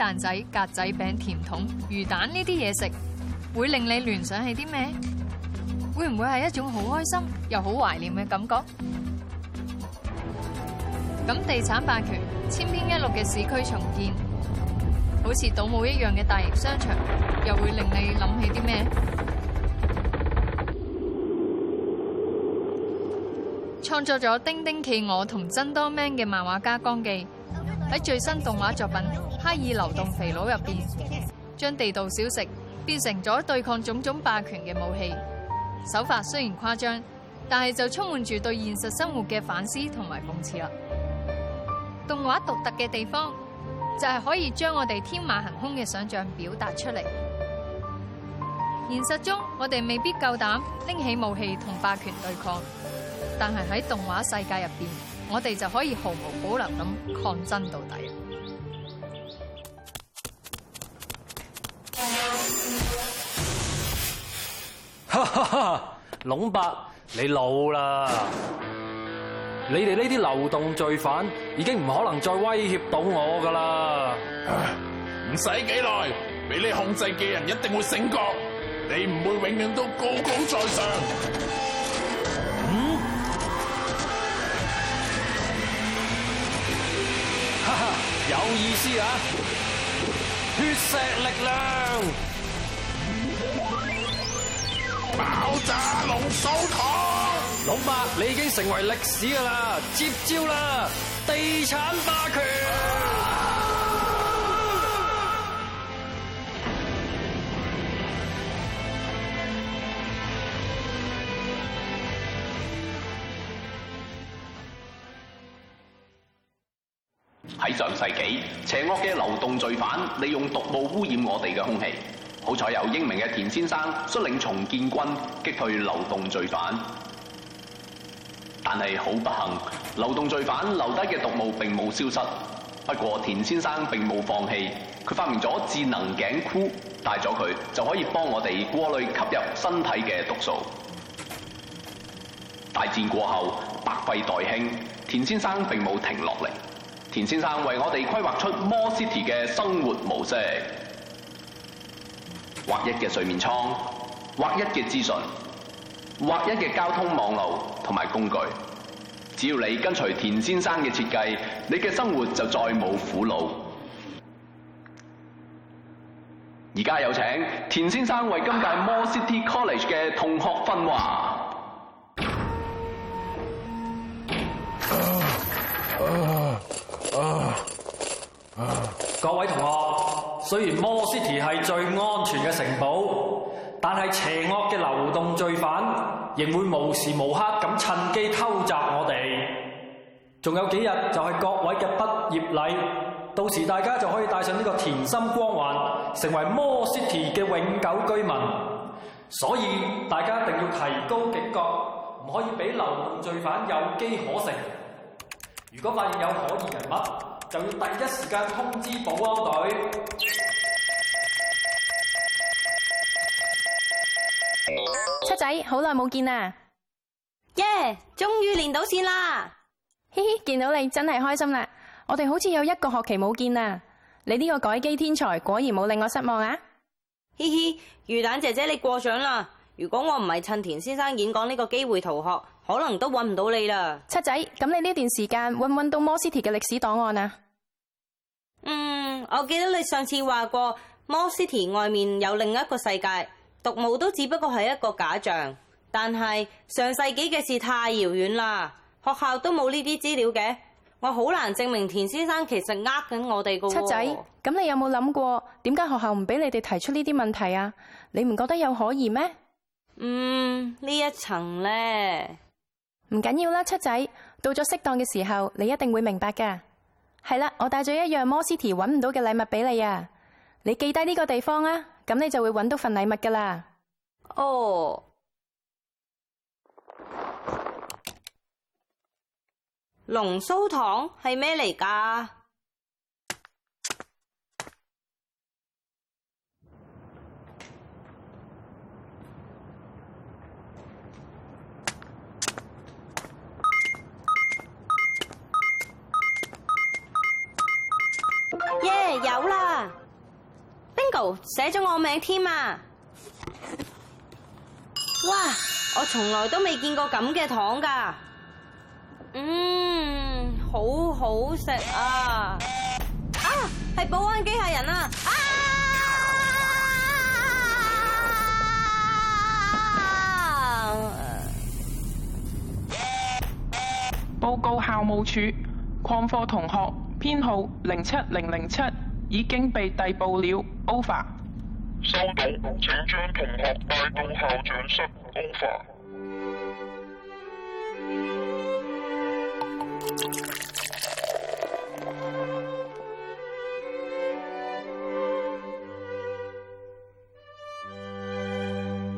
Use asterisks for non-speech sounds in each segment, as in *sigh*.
蛋仔、格仔餅、甜筒、魚蛋呢啲嘢食，會令你聯想起啲咩？會唔會係一種好開心又好懷念嘅感覺？咁地產霸權、千篇一律嘅市區重建，好似倒模一樣嘅大型商場，又會令你諗起啲咩？創作咗《叮叮企鵝》同《真多 man》嘅漫畫家江記。喺最新動畫作品《哈爾流動肥佬》入邊，將地道小食變成咗對抗種種霸權嘅武器。手法雖然誇張，但係就充滿住對現實生活嘅反思同埋諷刺啦。動畫獨特嘅地方就係可以將我哋天馬行空嘅想象表達出嚟。現實中我哋未必夠膽拎起武器同霸權對抗，但係喺動畫世界入邊，我哋就可以毫，毫無保留咁抗爭到底。哈哈哈，龍伯，你老啦！你哋呢啲流動罪犯已經唔可能再威脅到我㗎喇！唔使幾耐，俾你控制嘅人一定會醒覺，你唔會永遠都高高在上。意思啊！血石力量，爆炸龍手堂，老伯你已經成為歷史噶啦，接招啦！地產霸權。上世紀，邪惡嘅流動罪犯利用毒霧污染我哋嘅空氣。好彩有英明嘅田先生，率領重建軍擊退流動罪犯。但係好不幸，流動罪犯留低嘅毒霧並冇消失。不過田先生並冇放棄，佢發明咗智能頸箍，戴咗佢就可以幫我哋過濾吸入身體嘅毒素。大戰過後百廢待興，田先生並冇停落嚟。田先生為我哋規劃出 Mall City 嘅生活模式，劃一嘅睡眠艙，劃一嘅資訊，劃一嘅交通網絡同埋工具。只要你跟隨田先生嘅設計，你嘅生活就再冇苦惱。而家有請田先生為今屆 Mall City College 嘅同學訓話。各位同學，雖然 Mall City 係最安全嘅城堡，但係邪惡嘅流動罪犯仍會無時無刻咁趁機偷襲我哋。仲有幾日就係各位嘅畢業禮，到時大家就可以戴上呢個甜心光環，成為 Mall City 嘅永久居民。所以大家一定要提高警覺，唔可以俾流動罪犯有機可乘。如果發現有可疑人物，就要第一時間通知保安隊。七仔，好耐冇見啦！耶，終於連到線啦！嘻嘻，見到你真係開心啦！我哋好似有一個學期冇見啦！你呢個改機天才果然冇令我失望啊！嘻嘻，魚蛋姐姐你過獎啦！如果我唔係趁田先生演講呢個機會逃學。可能都揾唔到你啦，七仔。咁你呢段時間揾唔揾到 Mall City 嘅歷史檔案啊？嗯，我記得你上次話過，Mall City 外面有另一個世界，毒霧都只不過係一個假象。但係上世紀嘅事太遙遠啦，學校都冇呢啲資料嘅，我好難證明田先生其實呃緊我哋噶。七仔，咁你有冇諗過點解學校唔俾你哋提出呢啲問題啊？你唔覺得有可疑咩？嗯，呢一層呢。唔緊要啦，七仔，到咗適當嘅時候，你一定會明白噶。係啦，我帶咗一樣 Mall City 揾唔到嘅禮物俾你啊！你記低呢個地方啦，咁你就會揾到份禮物噶啦。哦、oh，龍鬚糖係咩嚟噶？有啦，Bingo 寫咗我名添啊！哇，我從來都未見過咁嘅糖㗎，嗯，好好食啊！啊，係保安機械人啊,啊！報告校務處，曠課同學編號零七零零七。已經被逮捕了。Over。收到，請將同學帶到校長室。Over。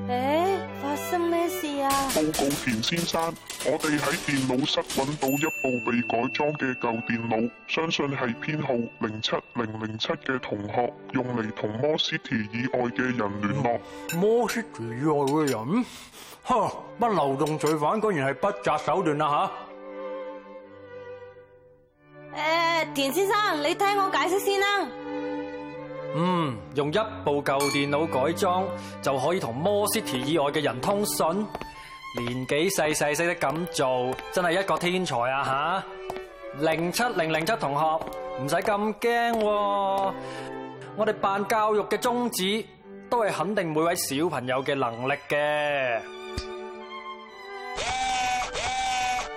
誒，發生咩事呀？報告田先生。我哋喺電腦室揾到一部被改裝嘅舊電腦，相信係編號零七零零七嘅同學用嚟同 Mall City 以外嘅人聯絡。Mall City 以外嘅人？哈！乜流動罪犯果然係不擇手段啦吓！誒，田先生，你聽我解釋先啦。嗯，用一部舊電腦改裝就可以同 Mall City 以外嘅人通訊。年紀細細細啲咁做，真係一個天才啊！吓，零七零零七同學唔使咁驚，我哋辦教育嘅宗旨都係肯定每位小朋友嘅能力嘅。Yeah, yeah,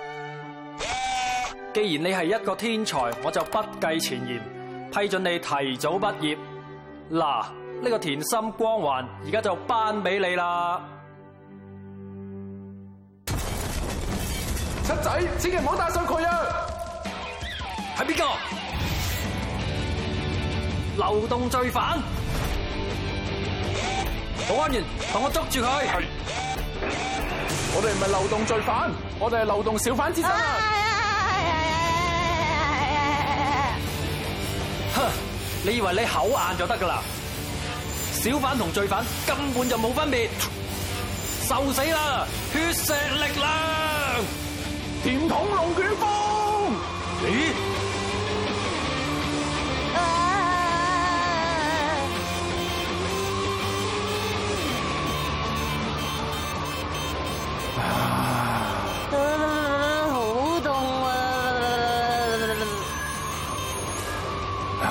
yeah. 既然你係一個天才，我就不計前嫌，批准你提早畢業。嗱、啊，呢、這個甜心光環而家就頒俾你啦。七仔，千祈唔好帶上佢啊！係邊個？流動罪犯，保安員同我捉住佢！係。我哋唔係流動罪犯，我哋係流動小販之神。哼！你以為你口硬就得噶啦？小販同罪犯根本就冇分別。受死啦！血石力啦！甜筒龍捲風，咦？啊！好凍啊！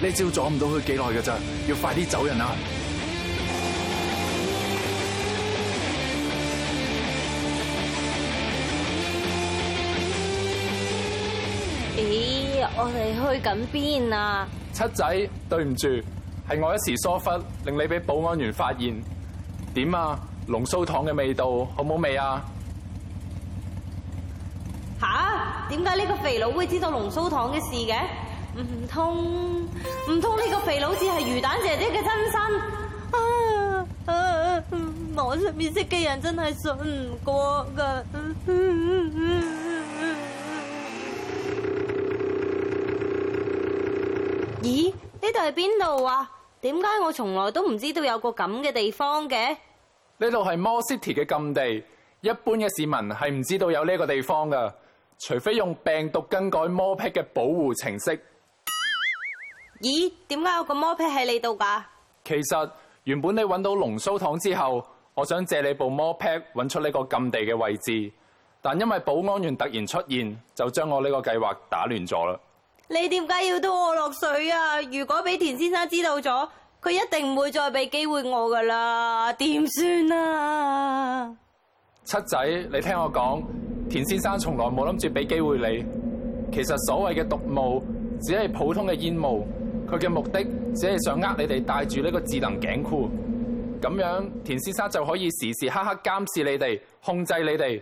呢招阻唔到佢幾耐噶咋？要快啲走人啊！我哋去緊邊啊？七仔，對唔住，係我一時疏忽，令你俾保安員發現。點啊？龍鬚糖嘅味道好唔好味啊？吓？點解呢個肥佬會知道龍鬚糖嘅事嘅？唔通？唔通呢個肥佬只係魚蛋姐姐嘅真身？啊啊！網上面識嘅人真係信唔過㗎。啊啊啊呢度係邊度啊？點解我從來都唔知道有個咁嘅地方嘅？呢度係 Mall City 嘅禁地，一般嘅市民係唔知道有呢個地方噶，除非用病毒更改魔披嘅保護程式。咦？點解有個魔披喺你度噶？其實原本你搵到龍鬚糖之後，我想借你部魔披搵出呢個禁地嘅位置，但因為保安員突然出現，就將我呢個計劃打亂咗啦。你點解要拖我落水啊？如果俾田先生知道咗，佢一定唔會再俾機會我噶啦，點算啊？七仔，你聽我講，田先生從來冇諗住俾機會你。其實所謂嘅毒霧只係普通嘅煙霧，佢嘅目的只係想呃你哋帶住呢個智能頸箍，咁樣田先生就可以時時刻刻監視你哋，控制你哋。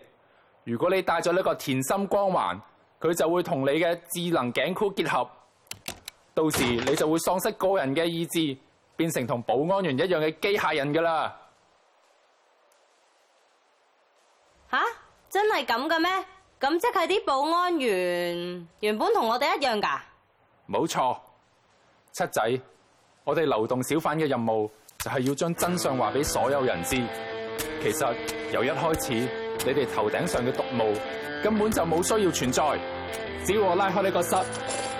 如果你帶咗呢個甜心光環，佢就會同你嘅智能頸箍結合，到時你就會喪失個人嘅意志，變成同保安員一樣嘅機械人噶啦。吓，啊？真係咁嘅咩？咁即係啲保安員原本同我哋一樣噶？冇錯，七仔，我哋流動小販嘅任務就係要將真相話俾所有人知。其實由一開始。你哋頭頂上嘅毒霧根本就冇需要存在，只要我拉開呢個室，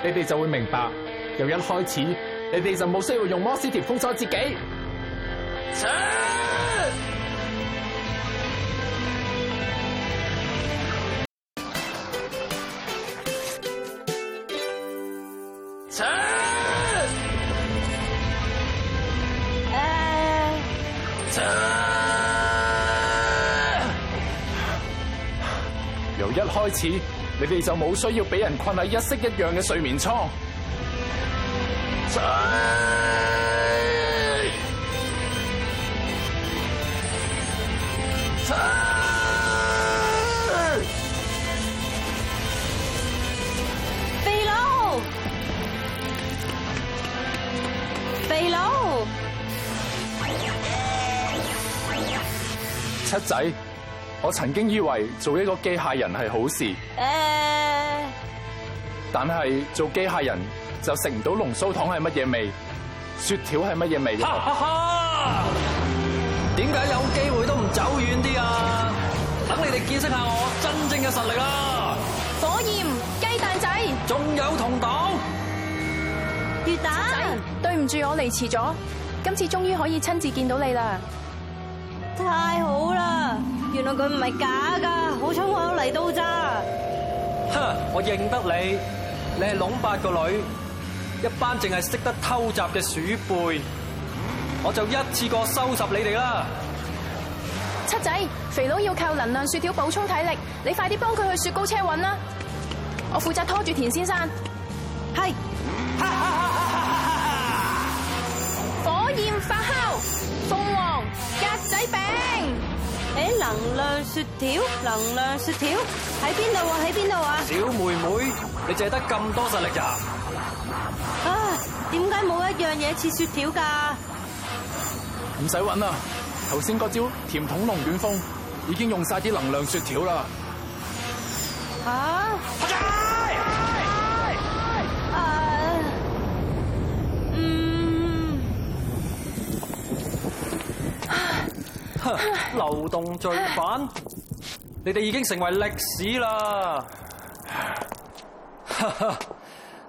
你哋就會明白。由一開始，你哋就冇需要用摩斯條封鎖自己。啊開始，你哋就冇需要俾人困喺一式一樣嘅睡眠艙。肥佬，肥佬，七仔。我曾經以為做一個機械人係好事，uh... 但係做機械人就食唔到龍鬚糖係乜嘢味，雪條係乜嘢味？哈哈，點解有機會都唔走遠啲啊？等你哋見識下我真正嘅實力啦！火焰雞蛋仔，仲有同黨，魚蛋仔，對唔住我嚟遲咗，今次終於可以親自見到你啦！太好啦！原來佢唔係假噶，好彩我有嚟到咋。哼，我認得你，你係攏八個女，一班淨係識得偷襲嘅鼠輩，我就一次過收拾你哋啦。七仔，肥佬要靠能量雪條補充體力，你快啲幫佢去雪糕車揾啦。我負責拖住田先生。係。火焰發酵，鳳凰。仔餅，誒，能量雪條，能量雪條喺邊度？喺邊度啊？小妹妹，你借得咁多實力呀？啊，點解冇一樣嘢似雪條噶？唔使揾啦，頭先嗰招甜筒龍捲風已經用晒啲能量雪條啦。啊！開槍！流動罪犯，啊、你哋已經成為歷史啦！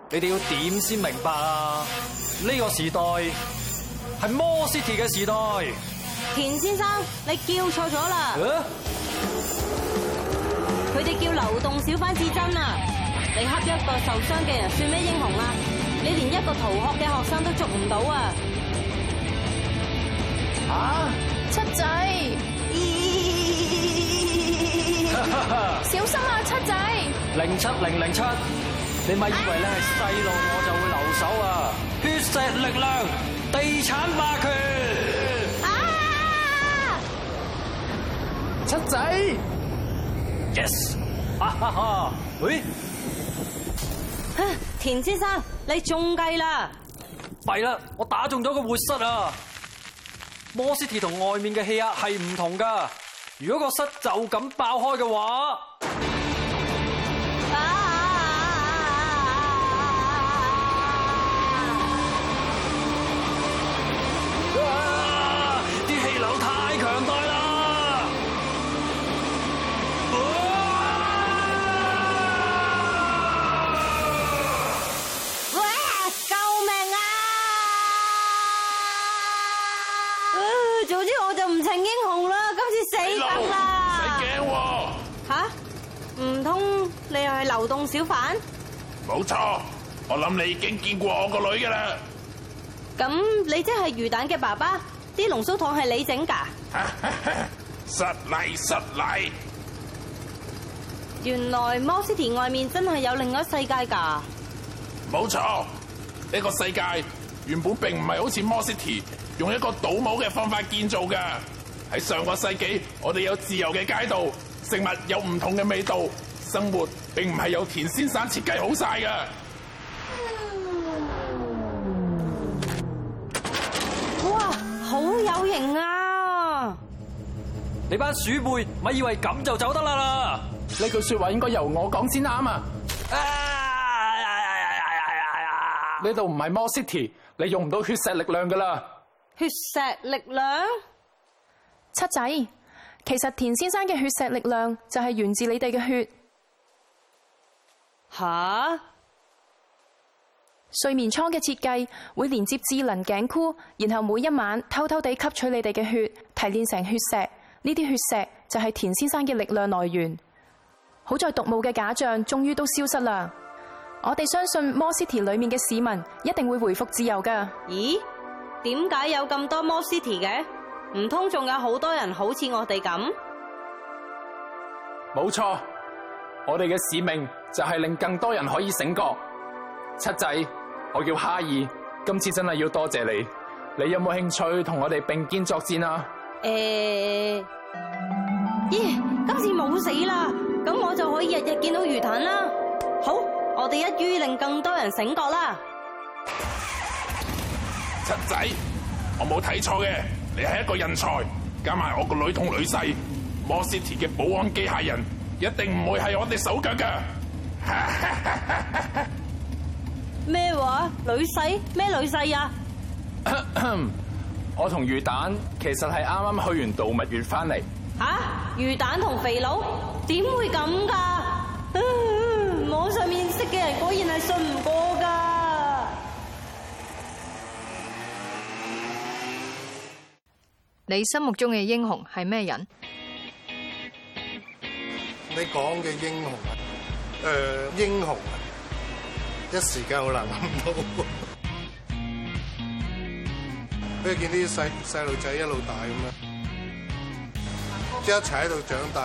你哋要點先明白啊？呢、呢個時代係 Mall City 嘅時代。田先生，你叫錯咗啦！佢哋叫流動小販之爭啊！你恰一個受傷嘅人算咩英雄啊？你連一個逃學嘅學生都捉唔到啊，啊！啊？七仔， *laughs* 小心啊！七仔，零七零零七，你咪以為你係細路，我就會留守啊！血石力量，地產霸權， *laughs* 七仔，Yes，哈哈哈！喂，田先生，你中計啦！弊啦，我打中咗個活塞啊！摩斯蒂同外面嘅氣壓係唔同㗎，如果個室就咁爆開嘅話。流動小販，冇錯。我諗你已經見過我個女噶啦。咁你即係魚蛋嘅爸爸，啲龍鬚糖係你整噶？失禮失禮。原來 Mall City 外面真係有另外一世界噶。冇錯，呢個世界原本並唔係好似 Mall City 用一個倒模嘅方法建造嘅。喺上個世紀，我哋有自由嘅街道，食物有唔同嘅味道，生活。並唔係有田先生設計好晒嘅。哇，好有型啊！你班鼠輩咪以為咁就走得啦啦？呢句說話應該由我講先啱啊！呢度唔係 Mall City，你用唔到血石力量噶啦。血石力量？七仔，其實田先生嘅血石力量就係源自你哋嘅血。吓！睡眠倉嘅設計會連接智能頸箍，然後每一晚偷偷地吸取你哋嘅血，提煉成血石。呢啲血石就係田先生嘅力量來源。好在毒霧嘅假象終於都消失啦！我哋相信摩斯 y 裏面嘅市民一定會回復自由噶。咦？點解有咁多摩斯 y 嘅？唔通仲有好多人好似我哋咁？冇錯。我哋嘅使命就係令更多人可以醒覺。七仔，我叫哈爾，今次真係要多謝你。你有冇興趣同我哋並肩作戰啊？誒，咦，今次冇死啦，咁我就可以日日見到魚蛋啦。好，我哋一於令更多人醒覺啦。七仔，我冇睇錯嘅，你係一個人才。加埋我個女同女婿，Mall City 嘅保安機械人。一定唔會係我哋手腳噶咩話？女婿？咩女婿呀？我同魚蛋其實係啱啱去完動物園翻嚟。吓？魚蛋同肥佬？點會咁噶網上面識嘅人果然係信唔過噶你心目中嘅英雄係咩人？你講嘅英雄誒，英雄啊，一時間好難諗到。因為見啲細細路仔一路大咁啦，即係一齊喺度長大，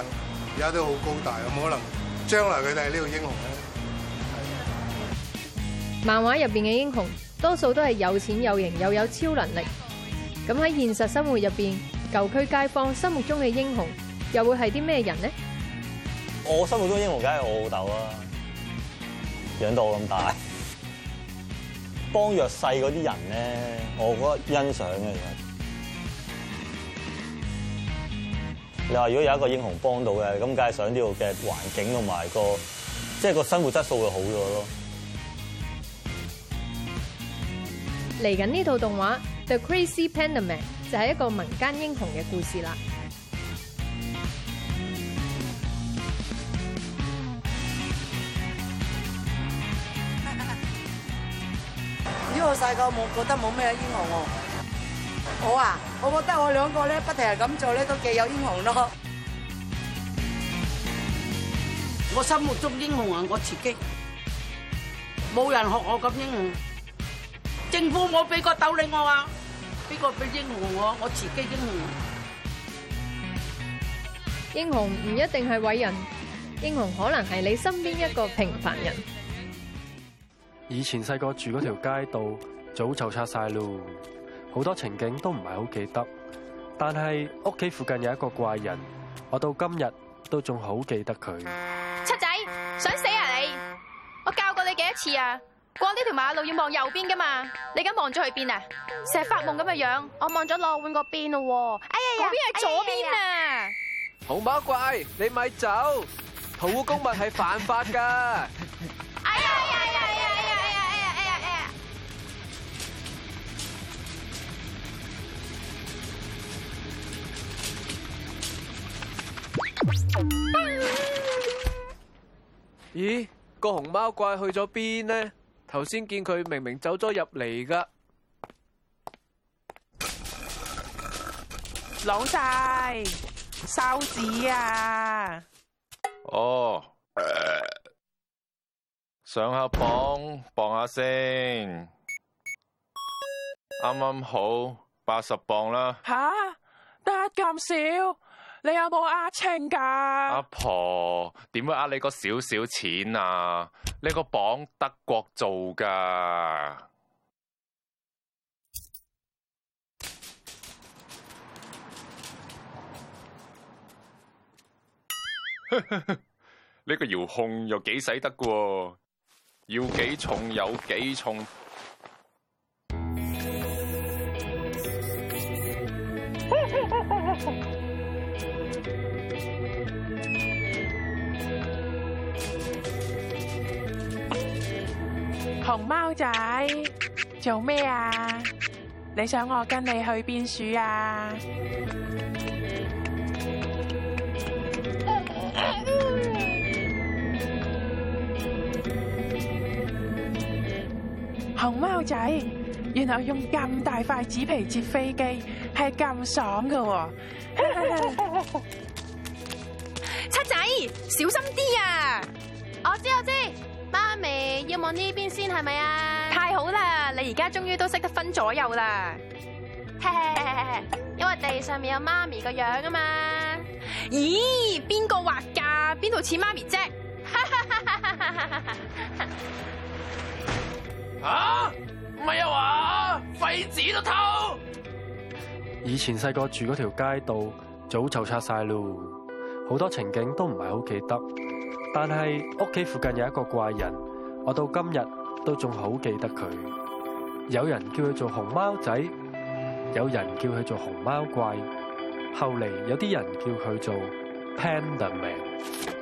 而家都好高大，有冇可能將來佢哋係呢個英雄咧？漫畫入邊嘅英雄，多數都係有錢有型又有超能力。咁喺現實生活入邊，舊區街坊心目中嘅英雄，又會係啲咩人咧？我心目中的英雄梗係我老豆啦，養到我咁大，幫弱勢嗰啲人咧，我覺得欣賞嘅。你話如果有一個英雄幫到嘅，咁梗係想呢度嘅環境同埋個，即係個生活質素會好咗咯。嚟緊呢套動畫《The Crazy Pandemic》就係一個民間英雄嘅故事啦。我細個冇覺得冇咩英雄喎，我啊，我覺得我兩個咧不停係咁做咧都幾有英雄咯。我心目中英雄啊，我自己，冇人學我咁英雄，政府冇俾個鬥你我啊，俾個俾英雄喎，我自己英雄。英雄唔一定係偉人，英雄可能係你身邊一個平凡人。以前細個住嗰條街道早就拆晒咯，好多情景都唔係好記得。但係屋企附近有一個怪人，我到今日都仲好記得佢。七仔，想死啊你！我教過你幾多次啊？過呢條馬路要望右邊噶嘛？你而家望咗去邊啊？成日發夢咁嘅樣，我望咗落碗嗰邊咯。哎呀哎呀，嗰邊係左邊啊！紅、哎哎哎、毛怪，你咪走！偷公物係犯法噶。咦，個熊貓怪去咗邊呢？頭先見佢明明走咗入嚟噶，攞晒收子啊！哦，上下磅，磅下先，啱啱好八十磅啦。吓得咁少？你有冇呃秤噶？阿婆，點會呃你個少少錢啊？呢、這個磅德國做噶，呢 *laughs* 個遙控又幾使得嘅喎，要幾重有幾重。熊貓仔做咩啊？你想我跟你去邊樹啊？ *laughs* 熊貓仔，原來用咁大塊紙皮折飛機，係咁爽噶喎！七仔，小心啲啊！我知我知。望呢邊先係咪啊？太好啦！你而家終於都識得分左右啦， *laughs* 因為地上面有媽咪個樣啊嘛。咦？邊個畫噶？邊度似媽咪啫？啊？唔係啊？話廢紙都偷。以前細個住嗰條街道早就拆晒咯，好多情景都唔係好記得，但係屋企附近有一個怪人。我到今日都仲好記得佢，有人叫佢做熊貓仔，有人叫佢做熊貓怪，後嚟有啲人叫佢做 Panda Man。Pandaman